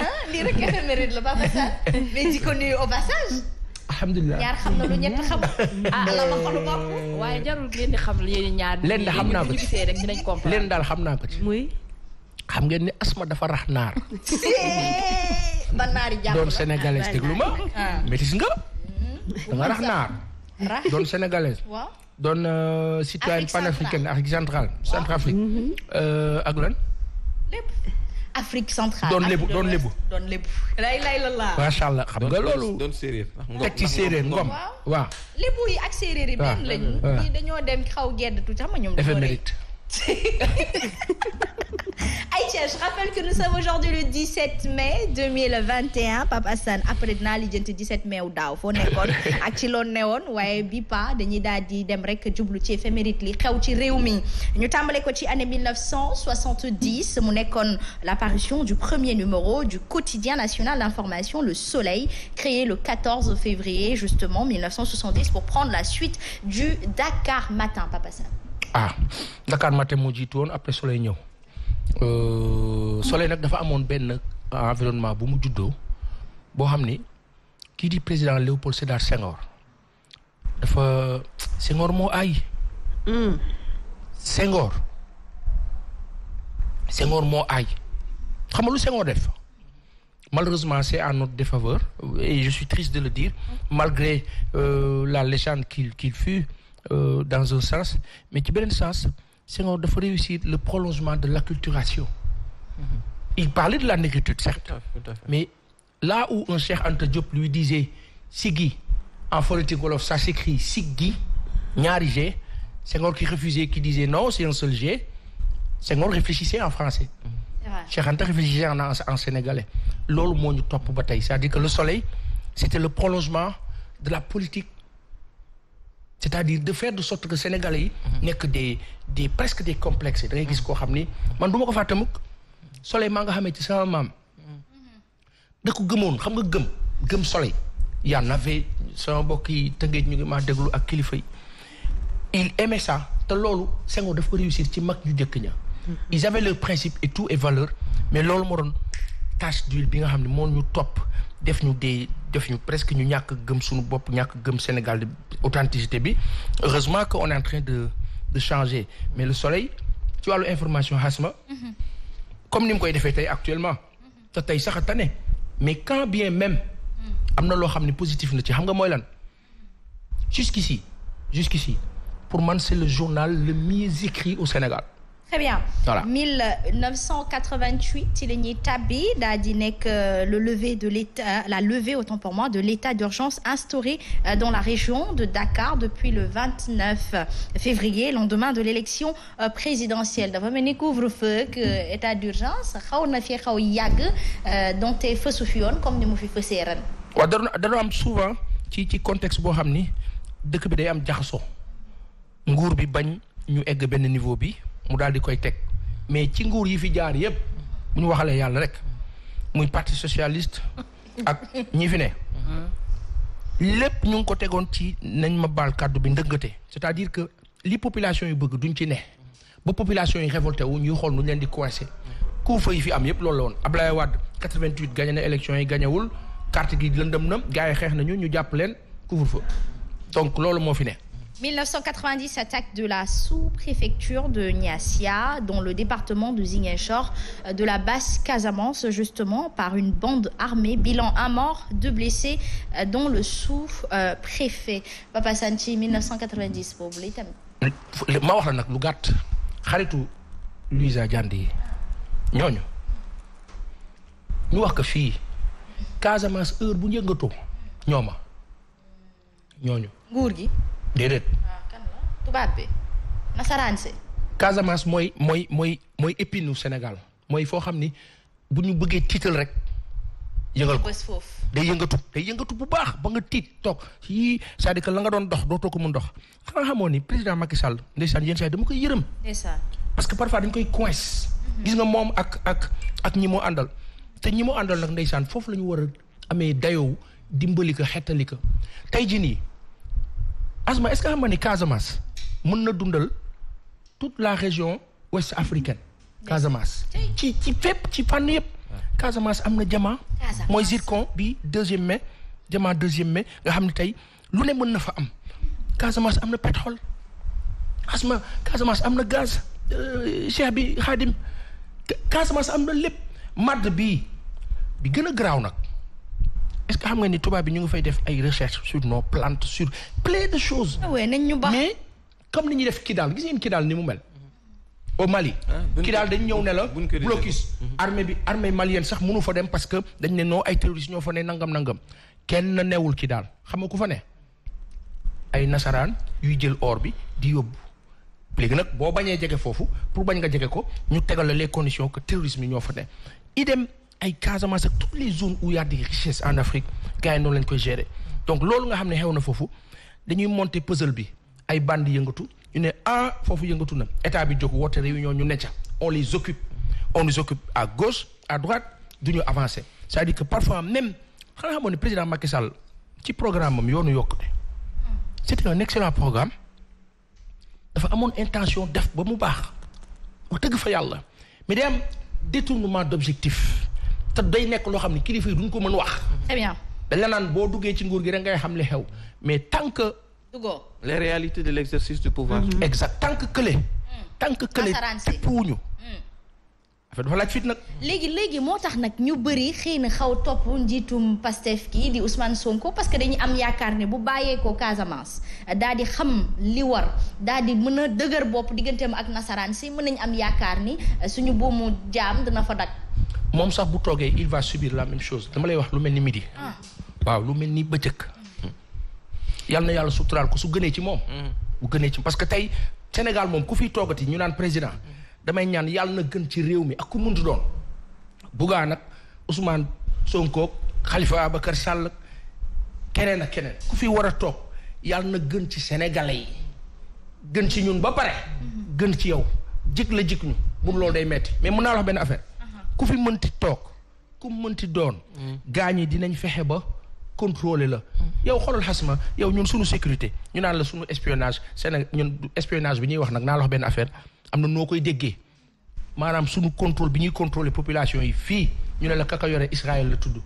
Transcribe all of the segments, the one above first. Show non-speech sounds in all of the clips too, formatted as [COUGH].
ah lii rek mérite la Baba Sarr mais di ko nuyu au passage. ñaar xam na lu ñett xam. ah ma ko lu bokk. waaye jarul xam naa ko daal xam naa ko ci. muy. xam ngeen ni asma dafa rax naar. ba naari jàmm doon sénégalaise déglu ma. nga. danga rax naar. doon eh, citoyenne panafricaine Afrique centrale Centrafrique. Mhm. Eh, ak Afrique centrale. doon lébu doon lébu doon lébu. lay lay la laa. allah xam nga loolu. doon séeréer teg ci séeréer ngom. waaw lépp yi ak séeréer yi. benn lañu. ñii dañoo dem xaw gedd tuuti xam ñoom. dafa mérite. [LAUGHS] Aïcha je rappelle que nous sommes aujourd'hui le 17 mai 2021 Pape Assane après dinaa lijjanti 17 mai wu daaw foo nekkoon ak ci loon newoon waaye bi pa dañuy daal di dem rek jublu ci éphéméride li xew ci réew mi ñu tàmbale ko ci année 1970 mu nekkoon l'apparition du premier numéro du quotidien national d'information Le Soleil créé le 14 février justement 1970 pour prendre la suite du Dakar Matin Pape Assane ah Dakar Matin moo jiitu woon après ñëw Euh, Soleil nag dafa amoon benn environnement bu mu juddoo boo xam ni kii di président Léopold Sédar Senghor dafa Senghor moo aay. Hmm. Senghor Senghor moo aay xam nga lu Senghor def malheureusement c'est en notre défaveur et je suis triste de le dire malgré euh, la légende qu'il qu'il fut euh, dans un sens mais ci beneen sens. Senghor dafa réussir le prolongement de l'acculturation mm-hmm. il parlait de la négritude certes mais là où un Cheikh Anta Diop lui disait Siggi en phonétique wolof ça s'écrit Siggi ñaari G Senghor qui refusait qui disait non c'est un seul G Senghor réfléchissait en français Cheikh Anta réfléchissait en, en, en sénégalais loolu moo ñu topp ba tey c'est-à-dire que le soleil c'était le prolongement de la politique c'est-à-dire de faire de sorte que sénégalais yi. Mhm. nekk des des presque des complexes da ngay gis koo xam ni man du ma ko fàtte mukk soleil maa nga xamee ci sama maam. Mhm. da ko gëmoon xam nga gëm gëm soleil yaa nave sama mbokk yi tëngeej ñu ngi maa déglu ak kilifa yi il aimait te loolu Senghor daf ko réussir ci mag ñu njëkk ña. Mhm. ils avaient leurs principes et tout et valeurs mais loolu moo doon tâche d'huile bi nga xam ne moom ñu topp def ñu des def ñu presque ñu ñàkk gëm suñu bopp ñàkk gëm Sénégal authenticité bi heureusement que on est en train de de changer mais le soleil ci wàllu information xasma comme ni mu koy defee tey actuellement te tey sax a tane mais quand bien même am na loo xam ne positif na ci xam nga mooy lan jusqu'ici jusqu'ici pour man c'est le journal le mieux au Sénégal très bien voilà 1988 ci la ñuy tàbbi daal di nekk le lever de l'état la levée autant pour moi de l'état d'urgence instauré euh, dans la région de Dakar depuis le 29 février lendemain de l'élection euh, présidentielle dafa mel ni couvre-feu état d'urgence xaw na fi xaw yàgg euh, donte fësu comme ni mu fi fësee ren ci ci contexte boo xam ni dëkk bi day am jaxasoo bi bañ ñu egg niveau bi mu daal di koy teg mais ci nguur yi fi jaar yépp bu ñu waxalee yàlla rek muy parti socialiste ak ñi fi ne lépp ñu ngi ko tegoon ci nañ ma baal kàddu bi ndëngate c'est-à-dire que li population yi bëgg duñ ci ne ba population yi révolté wu ñuy xool nu leen di coincé coup yi fi am yépp loolu la woon Ablaye Wade 88 gagné na élection yi gañewul carte gi lëndëm na gars yi xeex nañu ñu jàpp leen couvre feu donc loolu moo fi ne 1990, attaque de la sous-préfecture de Niassia, dans euh, la basse Casamance, justement, par une bande armée. Bilan un mort, deux blessés, euh, dont le sous-préfet. Papa Sanchi, wax ko fii Casamance bu njëngatoo ñooma déedéet. waaw ah, kan la tubaab bi nasaraan si. Casamance mooy mooy mooy mooy épinu Sénégal mooy foo xam ni bu ñu bëggee tiital rek. yëngal ko day yëngatu day yëngatu bu baax ba nga tiit toog yii c'est-à-dire la nga doon dox dootoo ko mun ndox xam nga xamoo ni président Macky Sall ndeysaan yenn saa dama koy yërëm. ndeysaan parce que parfois dañ koy coince. Mhm. gis nga moom ak ak ak ñi moo àndal. te ñi moo àndal nag ndeysaan foofu lañu ñu war a amee dayoo dimbali ko xettali ko tey ji nii. asma est-ce que xam nga ni Casamance mën na dundal toute la région ouest africaine Casamance. ci ci fépp ci fànn yëpp. Ah. Casamance am na jamaa. mooy zircon bi deuxième mai jamaa deuxième mai nga xam ne tey lu ne mën na fa am Casamance am na pétrole asma Casamance am na gaz euh, cheikh bi xaadim Casamance am na lépp màdd bi bi gën a graaw nag. est-ce que xam nga ni tubaab bi ñu ngi fay def ay recherche sur nos plantes sur plein de choses. Ah nañ ñu baax comme ni ñuy def Kidal gis ngeen daal ni mu mel. au Mali. Ah, daal dañ ñëw ne la blocus. Mhm. armée bi mali malienne sax mënu fa dem parce que dañ ne noo ay terroristes ñoo fa ne nangam nangam kenn newul Kidal xam nga ku fa ne. ay nasaraan yuy jël or bi di yóbbu. léegi nag boo bañee jege foofu pour bañ nga jege ko ñu tegal la les condition que terrorisme yi ñoo fa ne ay Casamance ak toutes les zones où il y a des richesses en Afrique gars noonu lañ koy gérer donc loolu nga xam ne xew na foofu dañuy monter puzzle bi ay bandi yëngatu ñu ne ah foofu yëngatu na état bi jóg woote réunion ñu ne ca on les occupe on les occupe à gauche à droite du ñu avancer c'est-à-dire que parfois même xanaa xamoon ne président Macky Sall ci programme am yoonu yokkute c'était un excellent programme dafa amoon intention def ba mu baax wa dëgg fa yàlla mais day am détournement d'objectif te day nekk loo xam ne kilifa yi duñ ko mën wax. très la naan boo duggee ci nguur gi rek ngay xam li xew mais tant que. duggoo les réalités de l' exercice du pouvoir. Mhm. exact tant que kële. Mm. tant que kële tippuwuñu. ñu mm. dafa laaj fit nag. léegi léegi moo tax nag ñu bëri xëy na xaw topp njiitum Pastef kii di Ousmane Sonko parce que dañu am yaakaar ne bu bàyyeekoo Casamance daal di xam li war daal di mën a dëgër bopp digganteem ak nasaraan si mën nañu am yaakaar ni eh, suñu buumu jaam dana fa dagg. moom sax bu toogee il va subir la même chose dama wax lu mel ni midi. Ah. waaw lu mel ni bëccëg. Hmm. yal na yàlla suturaal ko su gënee ci moom. Hmm. bu gënee ci parce que tey Sénégal moom ku fiy toogati ñu naan président hmm. damay ñaan yàlla na gën ci réew mi ak ku muntu doon. Bouga nag Ousmane Sonko Khalifa Abacar Sall keneen ak keneen ku fi war a toog yàlla na gën ci sénégalais yi gën ci ñun ba pare. gën ci yow jik la jik ñu bu loolu day metti mais mun naa la wax benn affaire. ku fi mënti toog ku mënti doon. Mm. gaa ñi dinañ fexe ba contrôler la. yow xoolal ma yow ñun suñu sécurité ñu naan la suñu espionnage Sénégal ñun espionnage bi ñuy wax nag naa la benn affaire am na noo koy déggee maanaam suñu contrôle bi ñuy contrôler population yi fii ñu ne la kaka yore Israël la tudd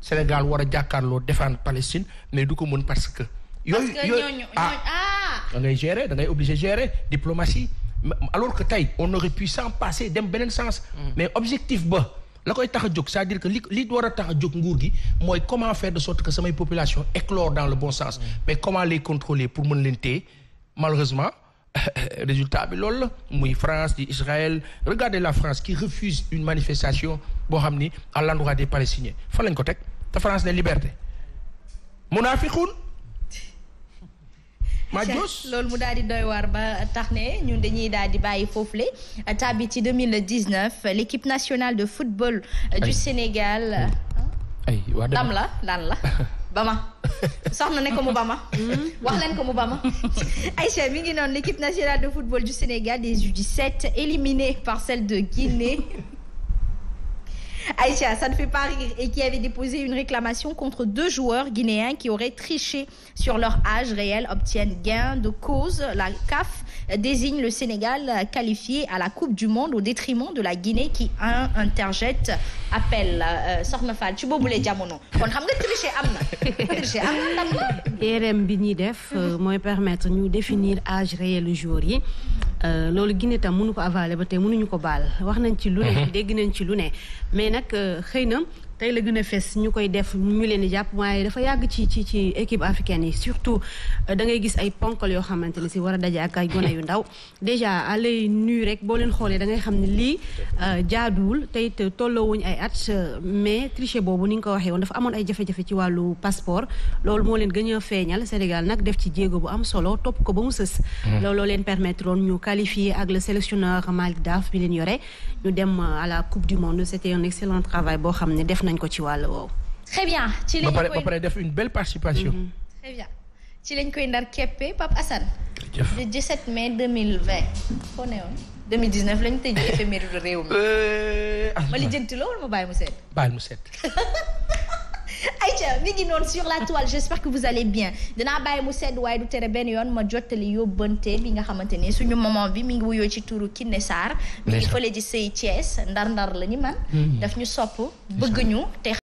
Sénégal war a jàkkaarloo défendre Palestine mais du ko mën parce que. yooyu yooyu ah, ah da ngay gérer da ngay obligé gérer diplomatie. alors que tey on aurait pu s'en passer dem beneen sens. Mm. mais objectif ba la koy tax a jóg c'est-à-dire que li li war a tax a jóg nguur gi mooy comment faire de sorte que samay population éclore dans le bon sens. Mm. mais comment les contrôler pour mën leen téye malheureusement. [LAUGHS] résultat bi loolu la muy France di Israël regardez la France qui refuse une manifestation boo xam ni à l'endroit des Palestiniens fa lañ ko teg te France ne liberté munaafiqun Madios loolu mu daal di doy waar ba tax ne ñun dañuy daal di bàyyi foofule tàbbi ci 2019 l'équipe nationale de football euh, du Sénégal ay waa la daan la [LAUGHS] Bama soxna ne ko mu Bama hmm? wax leen ko mu Bama [LAUGHS] Aïcha mi ngi noonu l'équipe nationale de football du Sénégal des U17 par celle de Guinée [LAUGHS] Aïcha, ça ne fait pas rire et qui avait déposé une réclamation contre deux joueurs guinéens qui auraient triché sur leur âge réel obtiennent gain de cause. La CAF désigne le Sénégal qualifié à la Coupe du Monde au détriment de la Guinée qui un interjette appel euh, Soxna Fall ci boobule jamono kon xam nga tricher am na tricher am na. IRM [LAUGHS] bi ñuy def. Euh, mooy permettre ñu définir âge réel joueur yi. Euh, loolu Guinée tam mënu ko avalé ba tey mënuñu ko baal wax nañ ci lu ne mhm. dégg nañ ci lu ne mais nag euh, xëy nam tey la gën a fes ñu koy def ñu leen di jàpp waaye dafa yàgg ci ci ci équipe africaine yi surtout euh, da ngay gis ay ponkal yoo xamante ne si war a daje ak ay gone yu ndaw déjà à l'œil nu rek boo leen xoolee da ngay xam ne lii euh, jaaduwul tey it tolloowuñ ay at mais tricher boobu ni nga ko waxee woon dafa amoon ay jafe-jafe ci wàllu passeport loolu moo leen gën a feeñal Sénégal nag def ci jéego bu am solo topp ko ba mu sës. Mmh. looloo leen permettre woon ñu qualifier ak le sélectionneur Malick Daf bi leen yore ñu dem euh, à la coupe du monde c'était un excellent boo xam ne def nañ ko ci wàll woowu. très bien ci lañ koy def une belle participation. Mm-hmm. très bien ci lañ koy ndar keppe Pape Assane. jërëjëf le 17 mai 2020 foo ne woon 2019 lañ tëj éphéméride réew mi. Euh, ah, ma lijjanti loolu ma bàyyi mu seet. bàyyi mu seet. [LAUGHS] ca mi ngi noonu sur la toile j'espère que vous allez bien dinaa bàyyi mu sedd waaye du tere benn yoon ma jottali yóbbante bi nga xamante ni suñu maman bi mi ngi wuyoo ci turu Kiné Sarr mi ngi fële ji sëy Thiès ndar ndar la ñu man mhm. daf ñu sopp bëgg ñu te